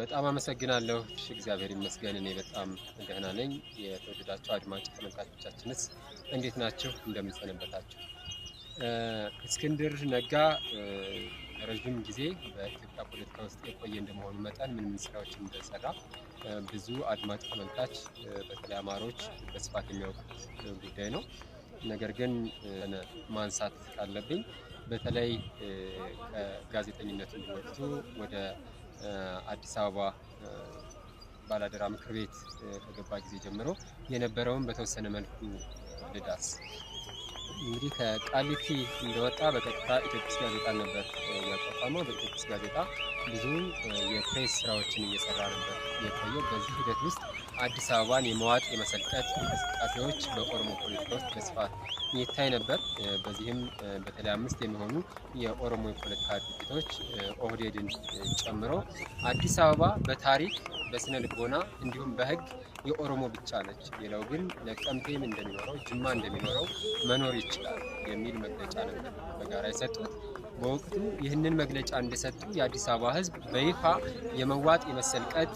በጣም አመሰግናለሁ። እግዚአብሔር ይመስገን እኔ በጣም ደህና ነኝ። የተወደዳችሁ አድማጭ ተመልካቾቻችንስ እንዴት ናችሁ? እንደምንሰነበታችሁ። እስክንድር ነጋ ረዥም ጊዜ በኢትዮጵያ ፖለቲካ ውስጥ የቆየ እንደመሆኑ መጠን ምን ምን ስራዎችን እንደሰራ ብዙ አድማጭ ተመልካች፣ በተለይ አማሮች በስፋት የሚያውቁት ጉዳይ ነው። ነገር ግን ማንሳት ካለብኝ በተለይ ከጋዜጠኝነቱ ወጥቶ ወደ አዲስ አበባ ባላደራ ምክር ቤት ከገባ ጊዜ ጀምሮ የነበረውን በተወሰነ መልኩ ልዳስ እንግዲህ ከቃሊቲ እንደወጣ በቀጥታ ኢትዮጵስ ጋዜጣ ነበር ያቋቋመው። በኢትዮጵስ ጋዜጣ ብዙ የፕሬስ ስራዎችን እየሰራ ነበር የቆየው። በዚህ ሂደት ውስጥ አዲስ አበባን የመዋጥ የመሰልጠት እንቅስቃሴዎች በኦሮሞ ፖለቲካ ውስጥ በስፋት ይታይ ነበር። በዚህም በተለይ አምስት የሚሆኑ የኦሮሞ የፖለቲካ ድርጅቶች ኦህዴድን ጨምሮ አዲስ አበባ በታሪክ በስነ ልቦና እንዲሁም በህግ የኦሮሞ ብቻ ነች። ሌላው ግን ነቀምቴም እንደሚኖረው ጅማ እንደሚኖረው መኖር ይችላል የሚል መግለጫ ነበር በጋራ የሰጡት። በወቅቱ ይህንን መግለጫ እንደሰጡ የአዲስ አበባ ህዝብ በይፋ የመዋጥ የመሰልቀጥ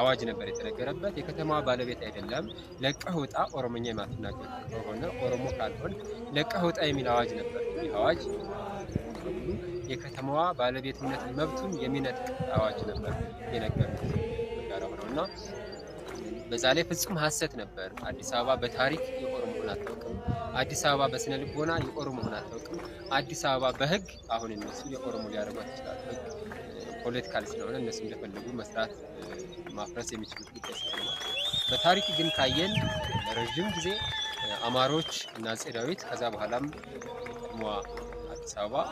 አዋጅ ነበር የተነገረበት። የከተማዋ ባለቤት አይደለም ለቀህ ውጣ፣ ኦሮሞኛ የማትናገር ከሆነ ኦሮሞ ካልሆን ለቀህ ውጣ የሚል አዋጅ ነበር። ይህ አዋጅ የከተማዋ ባለቤትነት መብቱን የሚነጥቅ አዋጅ ነበር የነገሩት ጋር ሆነው እና በዛ ላይ ፍጹም ሀሰት ነበር። አዲስ አበባ በታሪክ የኦሮሞ ሆና አታውቅም። አዲስ አበባ በስነ ልቦና የኦሮሞ ሆና አታውቅም። አዲስ አበባ በህግ አሁን እነሱ የኦሮሞ ሊያደርጓት ይችላል። ህግ ፖለቲካል ስለሆነ እነሱ እንደፈለጉ መስራት ማፍረስ የሚችሉት ጉዳይ ስለሆነ በታሪክ ግን ካየን ረዥም ጊዜ አማሮች እና አፄ ዳዊት ከዛ በኋላም አዲስ አበባ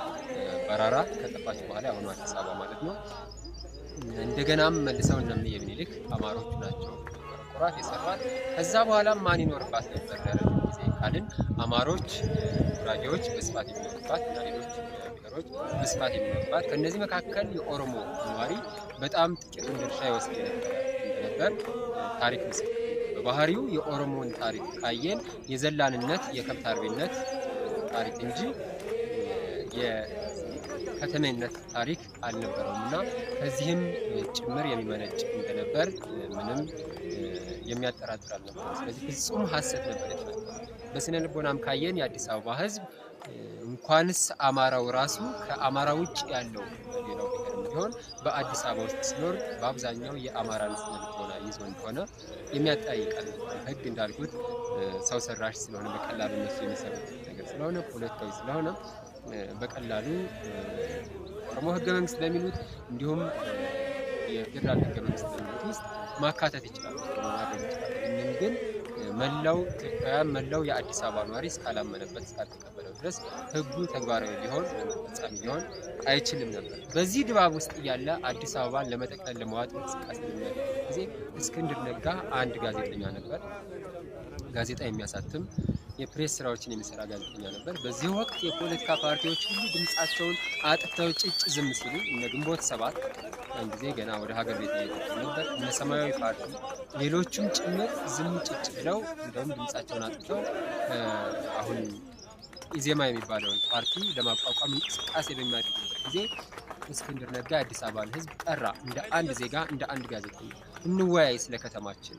በራራ ከጠፋች በኋላ የአሁኑ አዲስ አበባ ማለት ነው። እንደገናም መልሰው እነ እምዬ አማሮቹ ናቸው ቁራት የሰሯት። ከዛ በኋላ ማን ይኖርባት ነበር ያለን ጊዜ ካልን አማሮች፣ ጉራጌዎች በስፋት የሚኖርባት እና ሌሎች ነገሮች በስፋት የሚኖርባት ከእነዚህ መካከል የኦሮሞ ነዋሪ በጣም ጥቂቱን ድርሻ ይወስድ ነበር ታሪክ ምስክር ባህሪው የኦሮሞን ታሪክ ካየን የዘላንነት የከብት አርቢነት ታሪክ እንጂ የከተሜነት ታሪክ አልነበረውም እና ከዚህም ጭምር የሚመነጭ እንደነበር ምንም የሚያጠራጥር አልነበረ። ስለዚህ ፍጹም ሀሰት ነበር የተናገረው። በስነ ልቦናም ካየን የአዲስ አበባ ህዝብ እንኳንስ አማራው ራሱ ከአማራ ውጭ ያለው ሌላው ብሔር ቢሆን በአዲስ አበባ ውስጥ ሲኖር በአብዛኛው የአማራን ስነ ልቦና ይዞ እንደሆነ የሚያጠያይቃል። ህግ እንዳልኩት ሰው ሰራሽ ስለሆነ በቀላሉ እነሱ የሚሰሩት ነገር ስለሆነ ፖለቲካዊ ስለሆነ በቀላሉ ኦሮሞ ህገ መንግስት በሚሉት እንዲሁም የፌዴራል ህገ መንግስት በሚሉት ውስጥ ማካተት ይችላል ይህንን ግን መላው ኢትዮጵያውያን መላው የአዲስ አበባ ነዋሪ እስካላመነበት እስካልተቀበለው ድረስ ህጉ ተግባራዊ ሊሆን ወይም ሊሆን አይችልም ነበር። በዚህ ድባብ ውስጥ እያለ አዲስ አበባን ለመጠቅለል ለማዋጥ እንቅስቃሴ በሚያደርግ ጊዜ እስክንድር ነጋ አንድ ጋዜጠኛ ነበር፣ ጋዜጣ የሚያሳትም የፕሬስ ስራዎችን የሚሰራ ጋዜጠኛ ነበር። በዚህ ወቅት የፖለቲካ ፓርቲዎች ሁሉ ድምፃቸውን አጥፍተው ጭጭ ዝም ሲሉ እነ ግንቦት ሰባት ያን ጊዜ ገና ወደ ሀገር ቤት እየገቡ ነበር፣ እነ ሰማያዊ ፓርቲ፣ ሌሎቹም ጭምር ዝም ጭጭ ብለው እንደውም ድምፃቸውን አጥፍተው አሁን ኢዜማ የሚባለውን ፓርቲ ለማቋቋም እንቅስቃሴ በሚያደርጉበት ጊዜ እስክንድር ነጋ የአዲስ አበባን ህዝብ ጠራ እንደ አንድ ዜጋ እንደ አንድ ጋዜጠኛ እንወያይ ስለ ከተማችን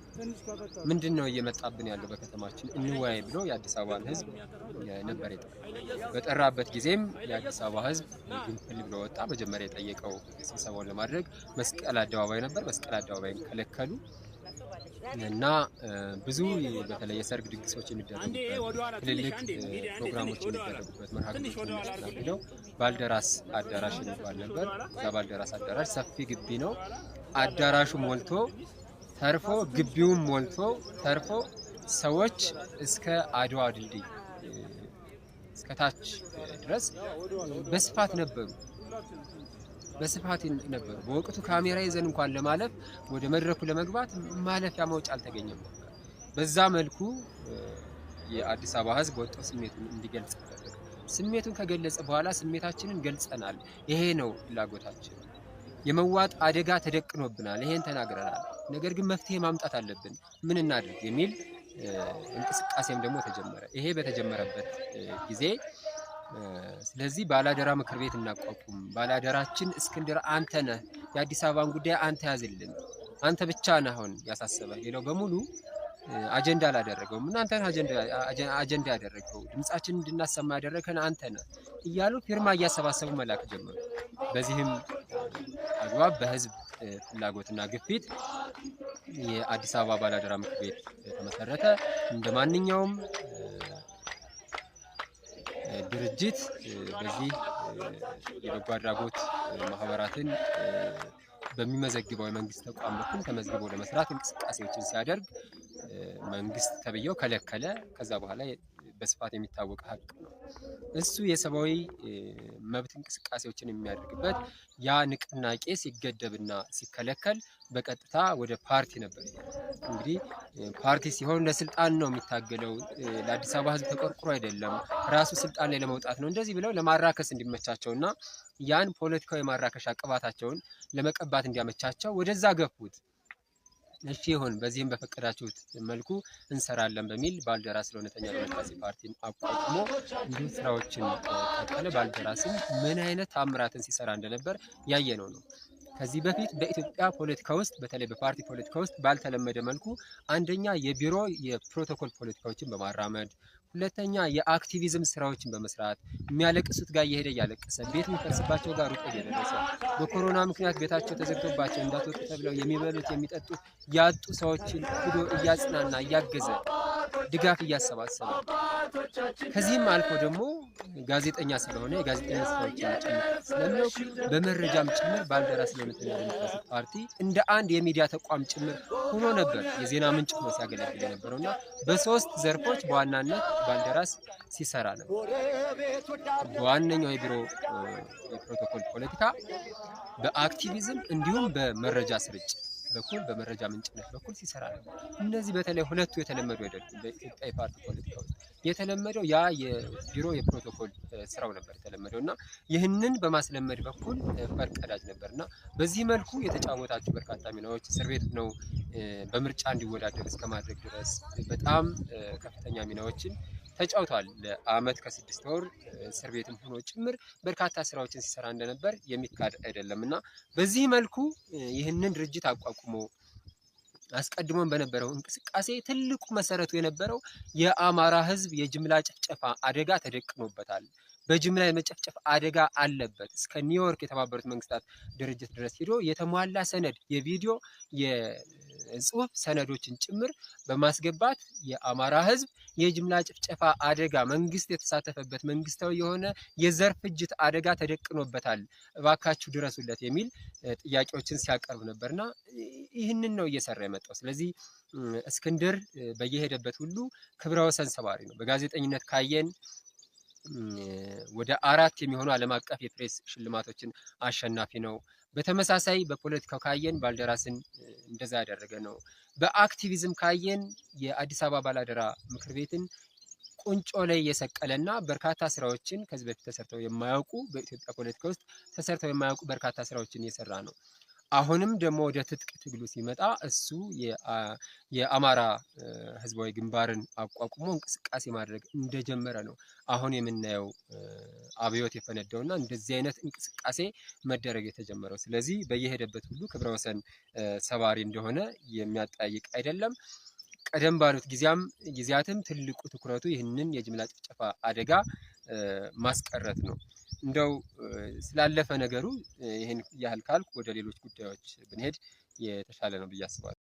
ምንድን ነው እየመጣብን ያለው በከተማችን እንወያይ ብሎ የአዲስ አበባን ህዝብ ነበር የጠራ። በጠራበት ጊዜም የአዲስ አበባ ህዝብ ግንፍል ብሎ ወጣ። መጀመሪያ የጠየቀው ስብሰባውን ለማድረግ መስቀል አደባባይ ነበር። መስቀል አደባባይም ከለከሉ። እና ብዙ በተለይ የሰርግ ድግሶች የሚደረጉበት ትልልቅ ፕሮግራሞች የሚደረጉበት መርሃ ግብሮች ነው። ባልደራስ አዳራሽ የሚባል ነበር። እዛ ባልደራስ አዳራሽ ሰፊ ግቢ ነው። አዳራሹ ሞልቶ ተርፎ ግቢውም ሞልቶ ተርፎ ሰዎች እስከ አድዋ ድልድይ እስከታች ድረስ በስፋት ነበሩ። በስፋት ነበሩ። በወቅቱ ካሜራ ይዘን እንኳን ለማለፍ ወደ መድረኩ ለመግባት ማለፊያ መውጫ አልተገኘም ነበር። በዛ መልኩ የአዲስ አበባ ህዝብ ወጥቶ ስሜቱን እንዲገልጽ ስሜቱን ከገለጸ በኋላ ስሜታችንን ገልጸናል። ይሄ ነው ፍላጎታችን። የመዋጥ አደጋ ተደቅኖብናል። ይሄን ተናግረናል። ነገር ግን መፍትሄ ማምጣት አለብን። ምን እናድርግ የሚል እንቅስቃሴም ደግሞ ተጀመረ። ይሄ በተጀመረበት ጊዜ ስለዚህ ባላደራ ምክር ቤት እናቋቁም። ባላደራችን እስክንድር አንተ ነህ። የአዲስ አበባን ጉዳይ አንተ ያዝልን። አንተ ብቻ ነህ አሁን ያሳሰበ። ሌላው በሙሉ አጀንዳ አላደረገውም። እናንተን አጀንዳ ያደረገው ድምጻችን እንድናሰማ ያደረገን አንተ ነህ እያሉ ፊርማ እያሰባሰቡ መላክ ጀመሩ። በዚህም አግባብ በህዝብ ፍላጎትና ግፊት የአዲስ አበባ ባላደራ ምክር ቤት ተመሰረተ። እንደ ማንኛውም ድርጅት በዚህ የበጎ አድራጎት ማህበራትን በሚመዘግበው የመንግስት ተቋም በኩል ተመዝግቦ ለመስራት እንቅስቃሴዎችን ሲያደርግ መንግስት ተብዬው ከለከለ። ከዛ በኋላ በስፋት የሚታወቅ ሀቅ ነው። እሱ የሰብአዊ መብት እንቅስቃሴዎችን የሚያደርግበት ያ ንቅናቄ ሲገደብና ሲከለከል በቀጥታ ወደ ፓርቲ ነበር። እንግዲህ ፓርቲ ሲሆን ለስልጣን ነው የሚታገለው፣ ለአዲስ አበባ ህዝብ ተቆርቁሮ አይደለም፣ ራሱ ስልጣን ላይ ለመውጣት ነው። እንደዚህ ብለው ለማራከስ እና ያን ፖለቲካዊ ማራከሻ ቅባታቸውን ለመቀባት እንዲያመቻቸው ወደዛ ገፉት። እሺ ይሁን፣ በዚህም በፈቀዳችሁት መልኩ እንሰራለን በሚል ባልደራስ ለእውነተኛ ዲሞክራሲ ፓርቲን አቋቁሞ እንዲህ ስራዎችን ቀጠለ። ባልደራስም ምን አይነት ታምራትን ሲሰራ እንደነበር ያየነው ነው። ከዚህ በፊት በኢትዮጵያ ፖለቲካ ውስጥ በተለይ በፓርቲ ፖለቲካ ውስጥ ባልተለመደ መልኩ አንደኛ የቢሮ የፕሮቶኮል ፖለቲካዎችን በማራመድ ሁለተኛ የአክቲቪዝም ስራዎችን በመስራት የሚያለቅሱት ጋር እየሄደ እያለቀሰ ቤት የሚፈርስባቸው ጋር ሩቆ እየደረሰ በኮሮና ምክንያት ቤታቸው ተዘግቶባቸው እንዳትወጡ ተብለው የሚበሉት የሚጠጡት ያጡ ሰዎችን ሂዶ እያጽናና እያገዘ ድጋፍ እያሰባሰበ ከዚህም አልፎ ደግሞ ጋዜጠኛ ስለሆነ የጋዜጠኛ ስራዎችን ጭምር ስለሚያውቅ በመረጃም ጭምር ባልደራስ ለእውነተኛ ፓርቲ እንደ አንድ የሚዲያ ተቋም ጭምር ሆኖ ነበር የዜና ምንጭ ሆኖ ሲያገለግል የነበረው እና በሶስት ዘርፎች በዋናነት ባልደራስ ሲሰራ ነበር። በዋነኛው የቢሮ የፕሮቶኮል ፖለቲካ፣ በአክቲቪዝም እንዲሁም በመረጃ ስርጭት በኩል በመረጃ ምንጭነት በኩል ሲሰራ ነው። እነዚህ በተለይ ሁለቱ የተለመዱ አይደሉም። በኢትዮጵያ የፓርቲ ፖለቲካ ውስጥ የተለመደው ያ የቢሮ የፕሮቶኮል ስራው ነበር የተለመደው እና ይህንን በማስለመድ በኩል ፈርቀዳጅ ነበር እና በዚህ መልኩ የተጫወታቸው በርካታ ሚናዎች እስር ቤት ነው በምርጫ እንዲወዳደር እስከማድረግ ድረስ በጣም ከፍተኛ ሚናዎችን ተጫውቷል ለአመት ከስድስት ወር እስር ቤትም ሆኖ ጭምር በርካታ ስራዎችን ሲሰራ እንደነበር የሚካድ አይደለም እና በዚህ መልኩ ይህንን ድርጅት አቋቁሞ አስቀድሞን በነበረው እንቅስቃሴ ትልቁ መሰረቱ የነበረው የአማራ ህዝብ የጅምላ ጭፍጨፋ አደጋ ተደቅኖበታል። በጅምላ የመጨፍጨፍ አደጋ አለበት። እስከ ኒውዮርክ የተባበሩት መንግስታት ድርጅት ድረስ ሄዶ የተሟላ ሰነድ የቪዲዮ የጽሁፍ ሰነዶችን ጭምር በማስገባት የአማራ ህዝብ የጅምላ ጭፍጨፋ አደጋ መንግስት የተሳተፈበት መንግስታዊ የሆነ የዘር ፍጅት አደጋ ተደቅኖበታል፣ እባካችሁ ድረሱለት የሚል ጥያቄዎችን ሲያቀርብ ነበርና ይህንን ነው እየሰራ የመጣው። ስለዚህ እስክንድር በየሄደበት ሁሉ ክብረ ወሰን ሰባሪ ነው። በጋዜጠኝነት ካየን ወደ አራት የሚሆኑ ዓለም አቀፍ የፕሬስ ሽልማቶችን አሸናፊ ነው። በተመሳሳይ በፖለቲካው ካየን ባልደራስን እንደዛ ያደረገ ነው። በአክቲቪዝም ካየን የአዲስ አበባ ባላደራ ምክር ቤትን ቁንጮ ላይ የሰቀለና በርካታ ስራዎችን ከዚህ በፊት ተሰርተው የማያውቁ በኢትዮጵያ ፖለቲካ ውስጥ ተሰርተው የማያውቁ በርካታ ስራዎችን የሰራ ነው። አሁንም ደግሞ ወደ ትጥቅ ትግሉ ሲመጣ እሱ የአማራ ህዝባዊ ግንባርን አቋቁሞ እንቅስቃሴ ማድረግ እንደጀመረ ነው አሁን የምናየው አብዮት የፈነደው እና እንደዚህ አይነት እንቅስቃሴ መደረግ የተጀመረው። ስለዚህ በየሄደበት ሁሉ ክብረ ወሰን ሰባሪ እንደሆነ የሚያጠያይቅ አይደለም። ቀደም ባሉት ጊዜያም ጊዜያትም ትልቁ ትኩረቱ ይህንን የጅምላ ጭፍጨፋ አደጋ ማስቀረት ነው። እንደው ስላለፈ ነገሩ ይህን ያህል ካልኩ ወደ ሌሎች ጉዳዮች ብንሄድ የተሻለ ነው ብዬ አስባለሁ።